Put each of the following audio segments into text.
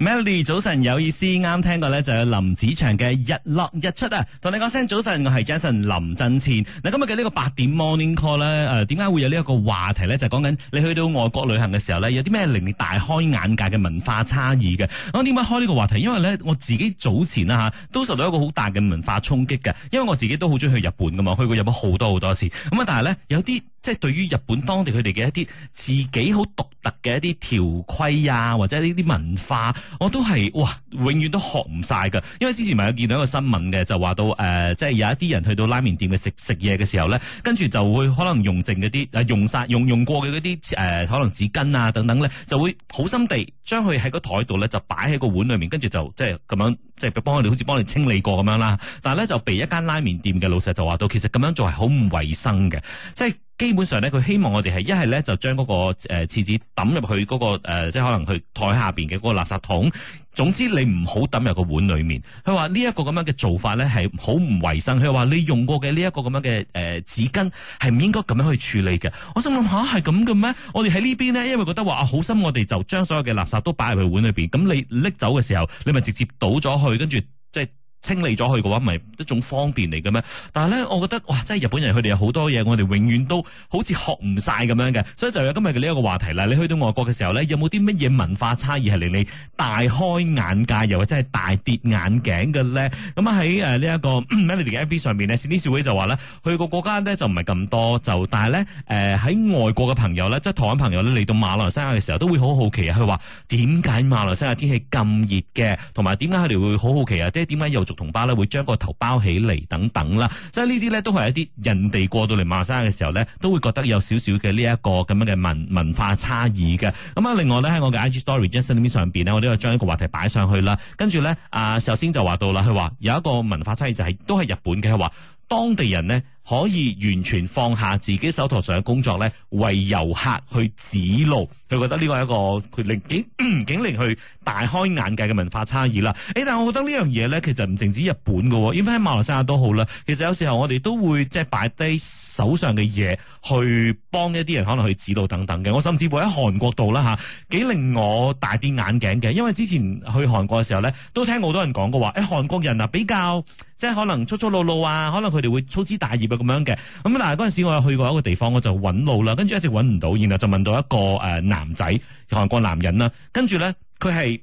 Melody，早晨有意思，啱聽過咧就有林子祥嘅日落日出啊，同你講聲早晨，我係 Jason 林振前。嗱，今日嘅呢個八點 Morning Call 咧，誒、呃，點解會有呢一個話題咧？就講、是、緊你去到外國旅行嘅時候咧，有啲咩令你大開眼界嘅文化差異嘅？我點解開呢個話題？因為咧，我自己早前啦吓、啊，都受到一個好大嘅文化衝擊嘅，因為我自己都好中意去日本噶嘛，去過日本好多好多，多次。咁啊，但係咧有啲即係對於日本當地佢哋嘅一啲自己好獨特嘅一啲條規啊，或者呢啲文化。我都係哇，永遠都學唔晒噶，因為之前咪有見到一個新聞嘅，就話到誒、呃，即係有一啲人去到拉麵店嘅食食嘢嘅時候咧，跟住就會可能用剩嗰啲誒用晒用用過嘅嗰啲誒可能紙巾啊等等咧，就會好心地將佢喺個台度咧就擺喺個碗裏面，跟住就即係咁樣即係幫佢哋好似幫你清理過咁樣啦。但係咧就被一間拉麵店嘅老細就話到，其實咁樣做係好唔衛生嘅，即、就、係、是。基本上咧，佢希望我哋係一係咧就將嗰個誒廁紙抌入去嗰、那個誒、呃，即係可能佢台下邊嘅嗰個垃圾桶。總之你唔好抌入個碗裏面。佢話呢一個咁樣嘅做法咧係好唔衛生。佢話你用過嘅呢一個咁樣嘅誒紙巾係唔應該咁樣去處理嘅。我心想諗下係咁嘅咩？我哋喺呢邊呢，因為覺得話啊好心，我哋就將所有嘅垃圾都擺入去碗裏邊。咁你拎走嘅時候，你咪直接倒咗去，跟住即係。清理咗去嘅話，咪一種方便嚟嘅咩？但係咧，我覺得哇，真係日本人佢哋有好多嘢，我哋永遠都好似學唔晒咁樣嘅。所以就有今日嘅呢一個話題啦。你去到外國嘅時候咧，有冇啲乜嘢文化差異係令你大開眼界，又或者係大跌眼鏡嘅咧？咁啊喺誒呢一個 Melody 嘅 I P 上邊咧，史蒂少偉就話咧，去個國家咧就唔係咁多，就但係咧誒喺外國嘅朋友咧，即係台灣朋友咧嚟到馬來西亞嘅時候，都會好好奇啊！佢話點解馬來西亞天氣咁熱嘅，同埋點解佢哋會好好奇啊？即係點解又？同胞咧會將個頭包起嚟等等啦，即係呢啲咧都係一啲人哋過到嚟馬莎嘅時候咧，都會覺得有少少嘅呢一個咁樣嘅文文化差異嘅。咁啊，另外咧喺我嘅 IG story news 呢上邊咧，我都係將一個話題擺上去啦。跟住咧啊，首先就話到啦，佢話有一個文化差異就係都係日本嘅，佢話。當地人呢可以完全放下自己手頭上嘅工作呢，為遊客去指路，佢覺得呢個係一個佢令警幾令去大開眼界嘅文化差異啦。誒、哎，但係我覺得呢樣嘢呢，其實唔淨止日本嘅喎，even 喺馬來西亞都好啦。其實有時候我哋都會即係擺低手上嘅嘢，去幫一啲人可能去指導等等嘅。我甚至乎喺韓國度啦嚇，幾令我大跌眼鏡嘅，因為之前去韓國嘅時候呢，都聽好多人講過話，誒、哎、韓國人啊比較。即係可能粗粗魯魯啊，可能佢哋會粗枝大葉啊咁樣嘅。咁、嗯、嗱，嗰陣時我又去過一個地方，我就揾路啦，跟住一直揾唔到，然後就問到一個誒、呃、男仔，韓國男人啦，跟住咧佢係。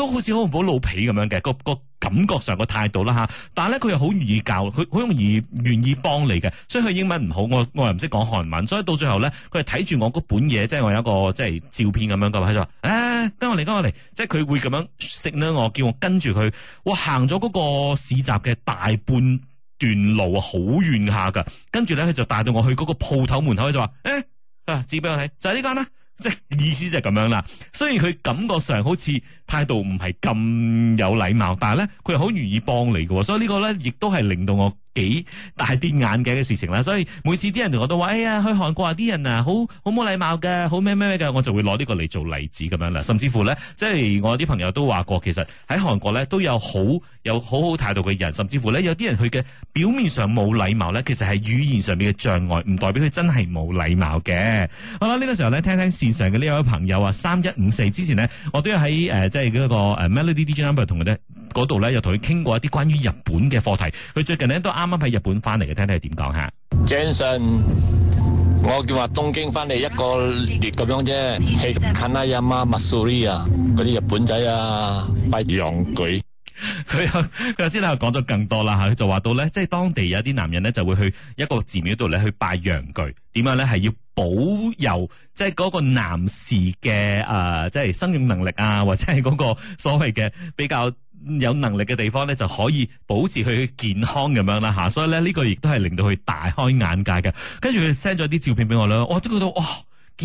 都好似好唔好老脾咁樣嘅，個個感覺上個態度啦嚇，但係咧佢又好願意教，佢好容易願意幫你嘅。所以佢英文唔好，我我又唔識講韓文，所以到最後咧，佢係睇住我個本嘢，即係我有一個即係照片咁樣嘅，佢就話：誒，跟我嚟，跟我嚟。即係佢會咁樣識咧，我叫我跟住佢。我行咗嗰個市集嘅大半段路好遠下㗎。跟住咧，佢就帶到我去嗰個鋪頭門口，佢就話：誒啊，指俾我睇，就係呢間啦。即係意思就係咁樣啦。雖然佢感覺上好似態度唔係咁有禮貌，但係咧佢好願意幫你嘅，所以呢個咧亦都係令到我。幾大啲眼界嘅事情啦，所以每次啲人同我都話，哎呀，去韓國啊，啲人啊，好好冇禮貌噶，好咩咩咩嘅，我就會攞呢個嚟做例子咁樣啦。甚至乎呢，即係我啲朋友都話過，其實喺韓國呢都有好有好好態度嘅人，甚至乎呢有啲人佢嘅表面上冇禮貌呢，其實係語言上面嘅障礙，唔代表佢真係冇禮貌嘅。好啦，呢、呢個時候呢，聽聽線上嘅呢位朋友啊，三一五四之前呢，我都有喺誒、呃，即係嗰個 Melody D J number 同佢咧。嗰度咧又同佢傾過一啲關於日本嘅課題，佢最近咧都啱啱喺日本翻嚟嘅，聽睇佢點講嚇。Jason，我叫話東京翻嚟一個月咁樣啫，係近啊，阿媽 m a s u 嗰啲日本仔啊，拜陽具，佢又佢頭先啦，講咗更多啦嚇，佢就話到咧，即係當地有啲男人咧就會去一個寺廟度咧去拜陽具，點樣咧係要保佑，即係嗰個男士嘅誒，即係生育能力啊，或者係嗰個所謂嘅比較。有能力嘅地方咧，就可以保持佢健康咁樣啦，吓、啊，所以咧呢、這個亦都係令到佢大開眼界嘅。跟住佢 send 咗啲照片俾我啦，我、哦、都覺得哇！哦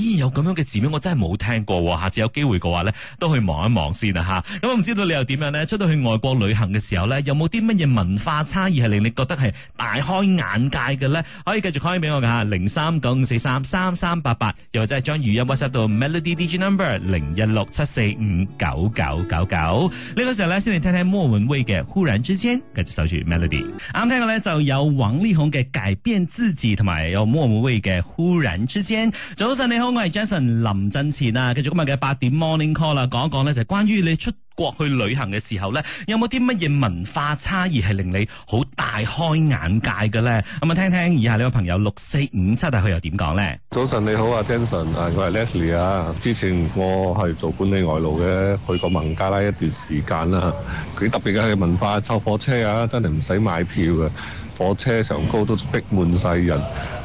咦有咁樣嘅字面我真係冇聽過，下次有機會嘅話咧都去望一望先啦吓。咁我唔知道你又點樣咧？出到去外國旅行嘅時候咧，有冇啲乜嘢文化差異係令你覺得係大開眼界嘅咧？可以繼續 call 起俾我噶吓，零三九五四三三三八八，又或者係將語音 WhatsApp 到 Melody DJ number 零一六七四五九九九九。呢個時候咧先嚟聽聽莫文蔚嘅《忽然之間》着着，繼續守住 Melody。啱聽嘅咧就有王力宏嘅《改變自己》，同埋有莫文蔚嘅《忽然之間》。早晨你好。我係 Jason 林振前啊，繼續今日嘅八點 morning call 啦，講一講咧就係關於你出國去旅行嘅時候咧，有冇啲乜嘢文化差異係令你好大開眼界嘅咧？咁啊聽聽以下呢位朋友六四五七啊，佢又點講咧？早晨你好啊，Jason，我係 Leslie 啊。之前我係做管理外勞嘅，去過孟加拉一段時間啦，佢特別嘅係文化，坐火車啊，真係唔使買票啊。火車上高都逼滿晒人，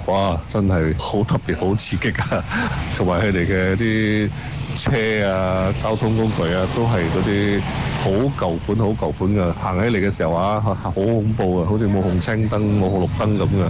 哇！真係好特別，好刺激啊！同埋佢哋嘅啲車啊、交通工具啊，都係嗰啲好舊款、好舊款噶，行起嚟嘅時候啊，好恐怖啊，好似冇紅青燈、冇紅綠燈咁嘅！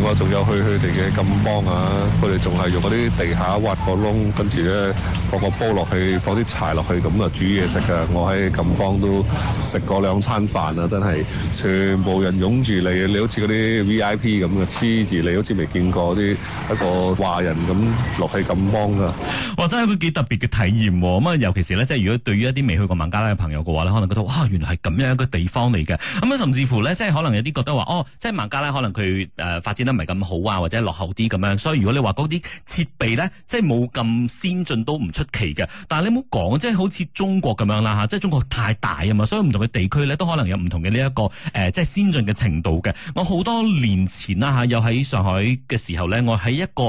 我仲有去佢哋嘅金邦啊，佢哋仲係用啲地下挖個窿，跟住咧放個煲落去，放啲柴落去咁啊煮嘢食嘅。我喺金邦都食過兩餐飯啊，真係全部人擁住你，你好似啲 V I P 咁嘅，黐住你，好似未見過啲一,一個華人咁落去金邦啊！哇，真係一個幾特別嘅體驗喎。咁啊，尤其是咧，即係如果對於一啲未去過孟加拉嘅朋友嘅話咧，可能覺得哇、哦，原來係咁樣一個地方嚟嘅。咁啊，甚至乎咧，即係可能有啲覺得話哦，即係孟加拉可能佢誒、呃、發展。得唔係咁好啊，或者落後啲咁樣。所以如果你話嗰啲設備咧，即係冇咁先進都唔出奇嘅。但係你唔好講，即係好似中國咁樣啦吓，即係中國太大啊嘛，所以唔同嘅地區咧都可能有唔同嘅呢一個誒、呃、即係先進嘅程度嘅。我好多年前啦吓、啊，又喺上海嘅時候咧，我喺一個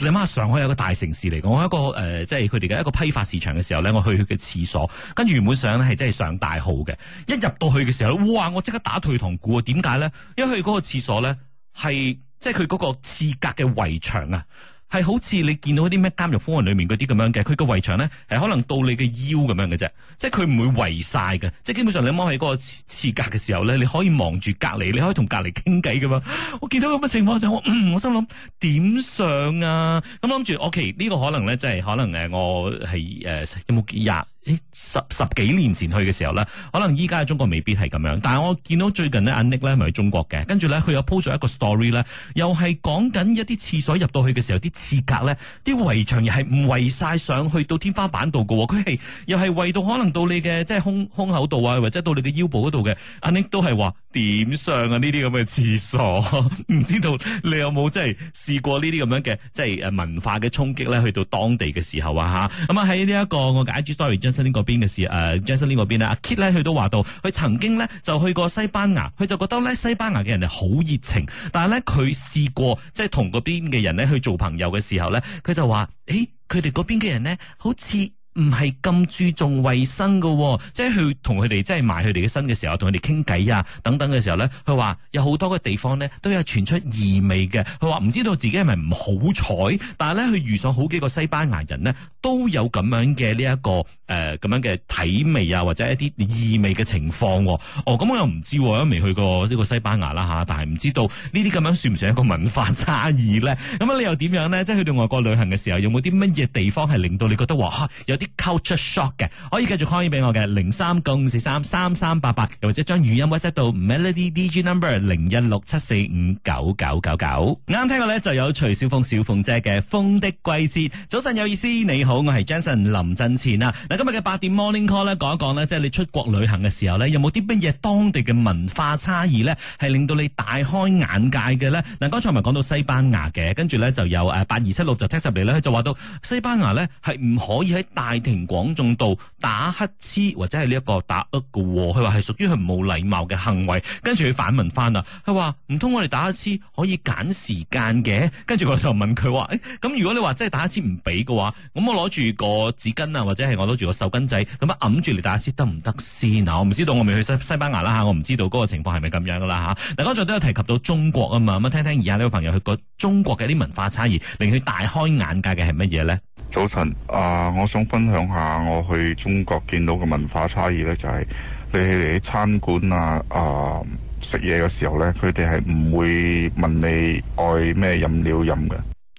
你諗下，上海有個大城市嚟講，我喺一個誒、呃、即係佢哋嘅一個批發市場嘅時候咧，我去佢嘅廁所，跟住原本上咧係真係上大號嘅，一入到去嘅時候，哇！我即刻打退堂鼓啊！點解咧？因為嗰個廁所咧係。即係佢嗰個廁格嘅圍牆啊，係好似你見到啲咩監獄風雲裏面嗰啲咁樣嘅，佢個圍牆咧係可能到你嘅腰咁樣嘅啫。即係佢唔會圍晒嘅，即係基本上你踎喺嗰個廁格嘅時候咧，你可以望住隔籬，你可以同隔籬傾偈噶嘛。我見到咁嘅情況就我、嗯、我心諗點上啊？咁我諗住我其實呢個可能咧，即係可能誒，我係誒有冇幾廿？十十幾年前去嘅時候咧，可能依家嘅中國未必係咁樣。但係我見到最近咧阿 Nick 咧咪喺中國嘅，跟住咧佢又 po 咗一個 story 咧，又係講緊一啲廁所入到去嘅時候，啲廁格咧，啲圍牆又係唔圍晒上去到天花板度嘅，佢係又係圍到可能到你嘅即係胸胸口度啊，或者到你嘅腰部嗰度嘅。阿 Nick 都係話。點上啊！呢啲咁嘅廁所，唔知道你有冇即係試過呢啲咁樣嘅即係誒文化嘅衝擊咧？去到當地嘅時候啊吓，咁啊喺、這個呃、呢一個我嘅 IG story Justin 嗰邊嘅事誒 Justin 嗰邊咧，阿 Kit 咧佢都話到，佢曾經咧就去過西班牙，佢就覺得咧西班牙嘅人係好熱情，但係咧佢試過即係、就是、同嗰邊嘅人咧去做朋友嘅時候咧，佢就話誒，佢哋嗰邊嘅人咧好似。唔係咁注重衛生嘅、哦，即係去同佢哋即係埋佢哋嘅身嘅時候，同佢哋傾偈啊等等嘅時候咧，佢話有好多嘅地方咧都有傳出異味嘅。佢話唔知道自己係咪唔好彩，但係咧佢遇上好幾個西班牙人咧都有咁樣嘅呢一個誒咁、呃、樣嘅體味啊或者一啲異味嘅情況、哦，哦，咁、嗯、我又唔知、啊，我都未去過呢個西班牙啦吓、啊，但係唔知道呢啲咁樣算唔算一個文化差異咧？咁啊，你又點樣咧？即係去到外國旅行嘅時候，有冇啲乜嘢地方係令到你覺得話、啊、有啲？culture shock 嘅，可以繼續 call 翻俾我嘅零三九五四三三三八八，8，又或者將語音 WhatsApp 到 Melody DJ Number 零一六七四五九九九九。啱啱聽過咧，就有徐小鳳、小鳳姐嘅《風的季節》。早晨有意思，你好，我係 Jenson 林振前啊。嗱，今日嘅八點 Morning Call 咧，講一講呢，即係你出國旅行嘅時候呢，有冇啲乜嘢當地嘅文化差異呢，係令到你大開眼界嘅呢？嗱，剛才咪講到西班牙嘅，跟住呢就有誒八二七六就 text 上嚟咧，就話到西班牙呢，係唔可以喺大庭廣眾道打乞嗤，或者係呢一個打呃嘅，佢話係屬於佢冇禮貌嘅行為，跟住佢反問翻啦，佢話唔通我哋打乞嗤可以揀時間嘅？跟住我就問佢話，咁、欸、如果你話真係打乞嗤唔俾嘅話，咁我攞住個紙巾啊，或者係我攞住個手巾仔，咁樣揞住嚟打乞嗤得唔得先啊？我唔知道，我未去西西班牙啦吓，我唔知道嗰個情況係咪咁樣噶啦吓。大家仲都有提及到中國啊嘛，咁啊，聽聽以下呢個朋友佢個中國嘅啲文化差異，令佢大開眼界嘅係乜嘢咧？早晨啊，我想分享下我去中國見到嘅文化差異咧，就係你哋喺餐館啊啊食嘢嘅時候咧，佢哋係唔會問你愛咩飲料飲嘅。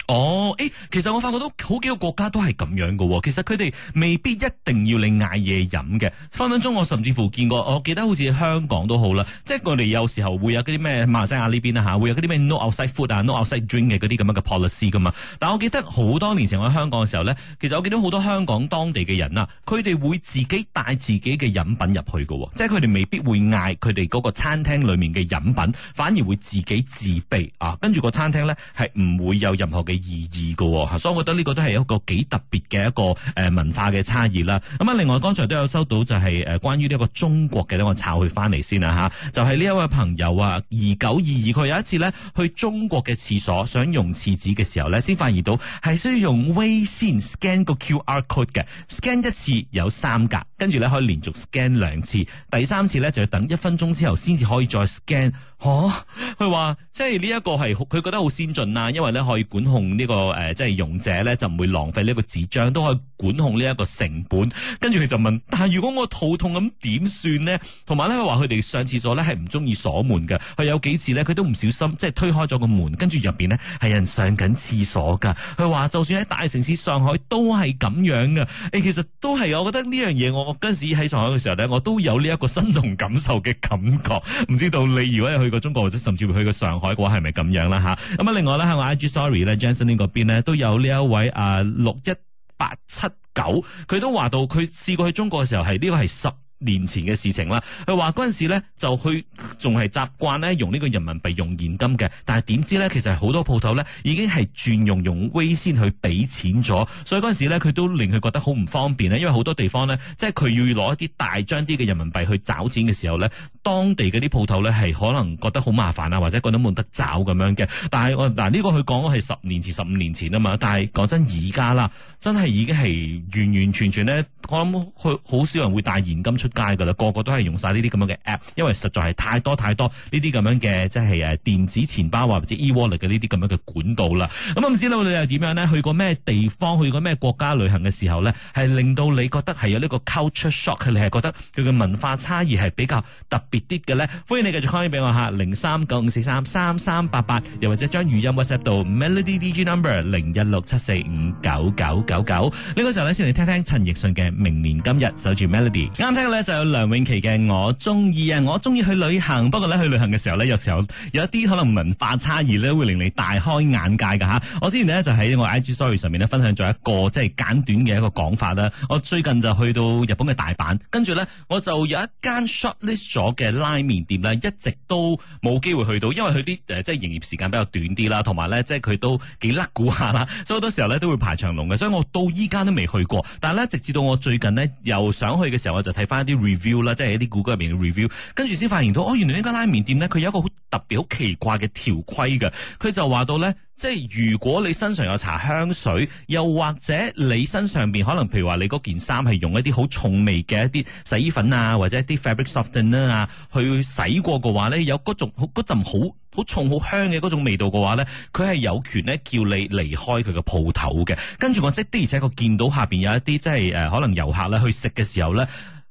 哦，誒、欸，其實我發覺到好幾個國家都係咁樣嘅喎、哦，其實佢哋未必一定要你嗌嘢飲嘅。分分鐘我甚至乎見過，我記得好似香港都好啦，即係我哋有時候會有啲咩馬來西亞呢邊啊吓會有啲咩 no outside food 啊，no outside drink 嘅啲咁樣嘅 policy 噶嘛。但係我記得好多年前我喺香港嘅時候咧，其實我見到好多香港當地嘅人啊，佢哋會自己帶自己嘅飲品入去嘅喎、哦，即係佢哋未必會嗌佢哋嗰個餐廳裏面嘅飲品，反而會自己自備啊，跟住個餐廳咧係唔會有任何嘅。二二個，吓，所以我覺得呢個都係一個幾特別嘅一個誒文化嘅差異啦。咁啊，另外剛才都有收到就係誒關於呢個中國嘅呢個抄去翻嚟先啦、啊、吓。就係呢一位朋友啊，二九二二佢有一次咧去中國嘅廁所想用廁紙嘅時候咧，先發現到係需要用微信先 scan 個 QR code 嘅，scan 一次有三格，跟住咧可以連續 scan 兩次，第三次咧就要等一分鐘之後先至可以再 scan。吓、哦，佢話即係呢一個係佢覺得好先進啊，因為咧可以管控。呢、這個誒、呃，即係用者咧就唔會浪費呢一個紙張，都可以管控呢一個成本。跟住佢就問：但係如果我肚痛咁點算呢？呢」同埋咧，佢話佢哋上廁所咧係唔中意鎖門嘅。佢有幾次咧，佢都唔小心即係推開咗個門，跟住入邊咧係人上緊廁所噶。佢話就算喺大城市上海都係咁樣噶。誒，其實都係，我覺得呢樣嘢我我嗰陣時喺上海嘅時候咧，我都有呢一個身同感受嘅感覺。唔知道你如果係去過中國或者甚至去過上海嘅話，係咪咁樣啦吓？咁啊，另外咧喺我，我 IG story 咧嗰邊咧都有呢一位啊六一八七九，佢都話到佢試過去中國嘅時候係呢個係十年前嘅事情啦，佢話嗰陣時咧就去仲係習慣咧用呢個人民幣用現金嘅，但係點知咧其實好多鋪頭咧已經係轉用用 w 先去俾錢咗，所以嗰陣時咧佢都令佢覺得好唔方便咧，因為好多地方咧即係佢要攞一啲大張啲嘅人民幣去找錢嘅時候咧，當地啲鋪頭咧係可能覺得好麻煩啊，或者覺得冇得找咁樣嘅。但係我嗱呢個佢講嘅係十年前，十五年前啊嘛，但係講真而家啦，真係已經係完完全全咧，我諗佢好少人會帶現金出街噶啦，個個都係用晒呢啲咁樣嘅 app，因為實在係太多太多呢啲咁樣嘅即係誒電子錢包或者 eWallet 嘅呢啲咁樣嘅管道啦。咁我唔知道你又點樣呢？去過咩地方？去過咩國家旅行嘅時候呢？係令到你覺得係有呢個 culture shock，你係覺得佢嘅文化差異係比較特別啲嘅呢？歡迎你繼續 comment 俾我嚇，零三九五四三三三八八，又或者將語音 WhatsApp 到 Melody DG Number 零一六七四五九九九九。呢個時候咧，先嚟聽聽陳奕迅嘅《明年今日》，守住 Melody。啱聽就有梁詠琪嘅《我中意啊》，我中意去旅行。不過咧，去旅行嘅時候咧，有時候有一啲可能文化差異咧，會令你大開眼界噶吓。我之前咧就喺我 I G Story 上面咧分享咗一個即係簡短嘅一個講法啦。我最近就去到日本嘅大阪，跟住咧我就有一間 shortlist 咗嘅拉麵店咧，一直都冇機會去到，因為佢啲誒即係營業時間比較短啲啦，同埋咧即係佢都幾甩估下啦，所以好多時候咧都會排長龍嘅，所以我到依家都未去過。但係咧直至到我最近咧又想去嘅時候，我就睇翻。啲 review 啦，即係一啲谷歌入邊嘅 review，跟住先發現到，哦，原來呢間拉麵店呢，佢有一個好特別、好奇怪嘅條規嘅。佢就話到呢，即係如果你身上有搽香水，又或者你身上邊可能，譬如話你嗰件衫係用一啲好重味嘅一啲洗衣粉啊，或者一啲 fabric softener 啊去洗過嘅話呢，有嗰種陣好好重、好香嘅嗰種味道嘅話呢，佢係有權呢叫你離開佢嘅鋪頭嘅。跟住我即的而且確見到下邊有一啲即係誒、呃，可能遊客呢去食嘅時候呢。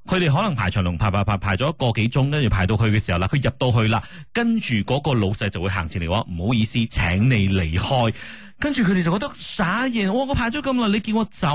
佢哋可能排長龍，排排排排咗一個幾鐘，跟住排到去嘅時候啦，佢入到去啦，跟住嗰個老細就會行前嚟話：唔好意思，請你離開。跟住佢哋就覺得傻嘢，我我排咗咁耐，你叫我走？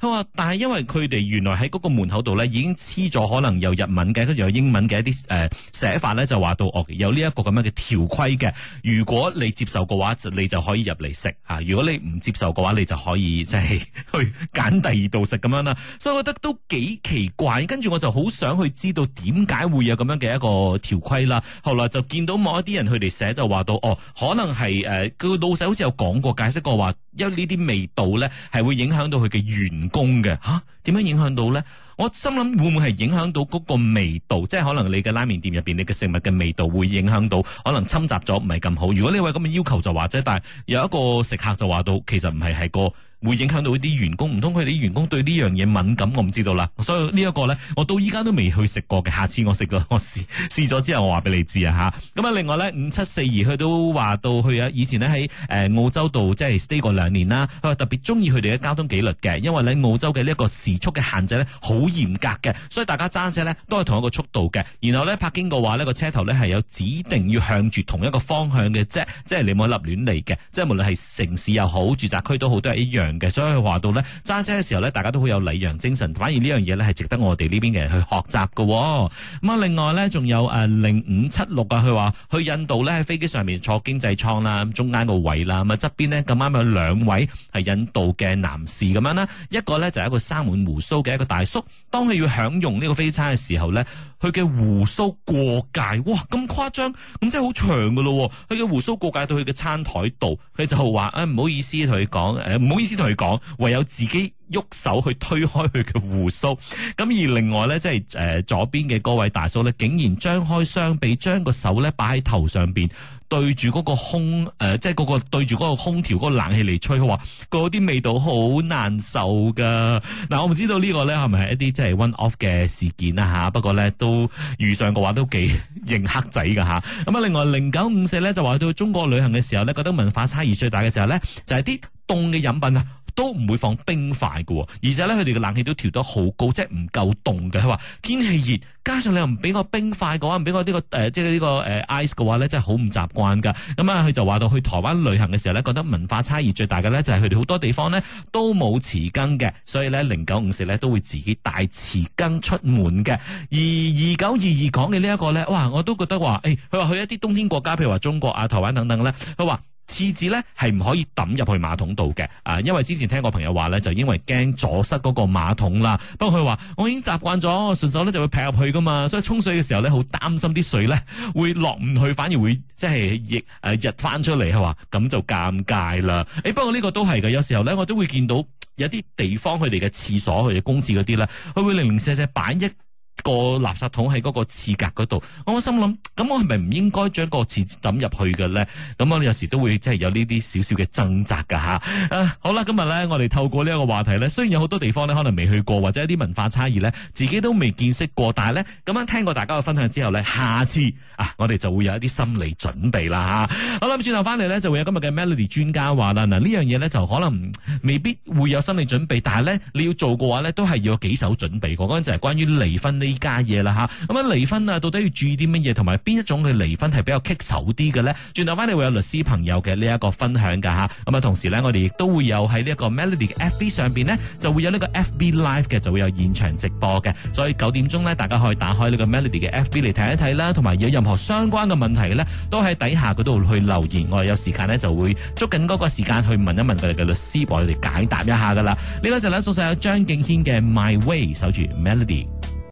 佢話，但係因為佢哋原來喺嗰個門口度咧已經黐咗，可能有日文嘅，跟住有英文嘅一啲誒、呃、寫法咧，就話到哦，有呢一個咁樣嘅條規嘅。如果你接受嘅話就你就可以入嚟食啊，如果你唔接受嘅話你就可以即係、就是、 去揀第二度食咁樣啦。所以我覺得都幾奇怪。跟住我就好想去知道點解會有咁樣嘅一個條規啦。後來就見到某一啲人佢哋寫就話到哦，可能係誒佢個老細好似有講過。解釋過話，因為呢啲味道咧，係會影響到佢嘅員工嘅吓，點樣影響到咧？我心諗會唔會係影響到嗰個味道？即係可能你嘅拉麵店入邊，你嘅食物嘅味道會影響到，可能侵襲咗唔係咁好。如果呢位咁嘅要求就話啫，但係有一個食客就話到，其實唔係係個。會影響到啲員工，唔通佢哋員工對呢樣嘢敏感？我唔知道啦。所以呢一個呢，我到依家都未去食過嘅。下次我食咗，我試試咗之後我，我話俾你知啊嚇。咁啊，另外呢，五七四二佢都話到去啊，以前呢，喺、呃、誒澳洲度即係 stay 過兩年啦。佢話特別中意佢哋嘅交通紀律嘅，因為呢澳洲嘅呢一個時速嘅限制呢，好嚴格嘅，所以大家揸車呢都係同一個速度嘅。然後呢，拍經嘅話呢、這個車頭呢係有指定要向住同一個方向嘅啫，即係你冇立亂嚟嘅。即係無論係城市又好，住宅區都好，都係一樣。嘅，所以佢話到呢揸車嘅時候呢，大家都好有禮讓精神，反而呢樣嘢呢，係值得我哋呢邊嘅人去學習嘅。咁啊，另外呢，仲有誒零五七六啊，佢話去印度呢，喺飛機上面坐經濟艙啦，中間個位啦，咁啊側邊呢咁啱有兩位係印度嘅男士咁樣啦，一個呢，就係、是、一個生滿鬍鬚嘅一個大叔，當佢要享用呢個飛餐嘅時候呢。佢嘅鬍鬚過界，哇咁誇張，咁真係好長噶咯。佢嘅鬍鬚過界到佢嘅餐台度，佢就話：哎「誒唔好意思同你講，誒、哎、唔好意思同你講，唯有自己。喐手去推開佢嘅鬍鬚，咁而另外咧，即係誒、呃，左邊嘅嗰位大叔咧，竟然張開雙臂，將個手咧擺喺頭上邊，對住嗰個空誒，即係嗰個對住嗰個空調嗰個冷氣嚟吹，佢話嗰啲味道好難受噶。嗱、呃，我唔知道呢個咧係咪係一啲即係 one off 嘅事件啦吓，不過咧都遇上嘅話都幾認黑仔噶吓。咁啊，另外零九五四咧就話到中國旅行嘅時候咧，覺得文化差異最大嘅時候咧，就係啲凍嘅飲品啊。都唔會放冰塊嘅，而且咧佢哋嘅冷氣都調得好高，即係唔夠凍嘅。佢話天氣熱，加上你又唔俾我冰塊嘅話，唔俾我呢、呢個誒、呃，即係、呢個呃、呢個誒 ice 嘅話咧，真係好唔習慣嘅。咁啊，佢就話到去台灣旅行嘅時候咧，覺得文化差異最大嘅咧，就係佢哋好多地方咧都冇匙羹嘅，所以咧零九五四咧都會自己帶匙羹出門嘅。而二九二二講嘅呢一個咧，哇，我都覺得話，誒、欸，佢話去一啲冬天國家，譬如話中國啊、台灣等等咧，佢話。廁紙咧係唔可以抌入去馬桶度嘅，啊，因為之前聽過朋友話咧，就因為驚阻塞嗰個馬桶啦。不過佢話我已經習慣咗，順手咧就會劈入去噶嘛，所以沖水嘅時候咧好擔心啲水咧會落唔去，反而會即係溢誒溢翻出嚟係話，咁就尷尬啦。誒，不過呢個都係嘅，有時候咧我都會見到有啲地方佢哋嘅廁所佢嘅公廁嗰啲咧，佢會零零舍舍擺一。個垃圾桶喺嗰個廁格嗰度，我心諗，咁我係咪唔應該將個廁抌入去嘅咧？咁我有時都會即係有呢啲少少嘅掙扎噶吓、啊。好啦，今日咧我哋透過呢一個話題咧，雖然有好多地方咧可能未去過，或者一啲文化差異咧，自己都未見識過，但係咧咁樣聽過大家嘅分享之後咧，下次啊我哋就會有一啲心理準備啦吓、啊。好啦，轉頭翻嚟咧就會有今日嘅 Melody 專家話啦，嗱呢樣嘢咧就可能未必會有心理準備，但係咧你要做嘅話咧都係要有幾手準備。嗰陣就係關於離婚呢。呢家嘢啦，吓咁啊！離婚啊，到底要注意啲乜嘢？同埋邊一種嘅離婚係比較棘手啲嘅咧？轉頭翻嚟會有律師朋友嘅呢一個分享噶吓咁啊。同時咧，我哋亦都會有喺呢一個 Melody 嘅 F B 上邊呢，就會有呢個 F B Live 嘅，就會有現場直播嘅。所以九點鐘呢，大家可以打開呢個 Melody 嘅 F B 嚟睇一睇啦。同埋有任何相關嘅問題呢，都喺底下嗰度去留言。我哋有時間呢，就會捉緊嗰個時間去問一問佢哋嘅律師，幫佢哋解答一下噶啦。這個、時候呢位就咧送上有張敬軒嘅 My Way 守住 Melody。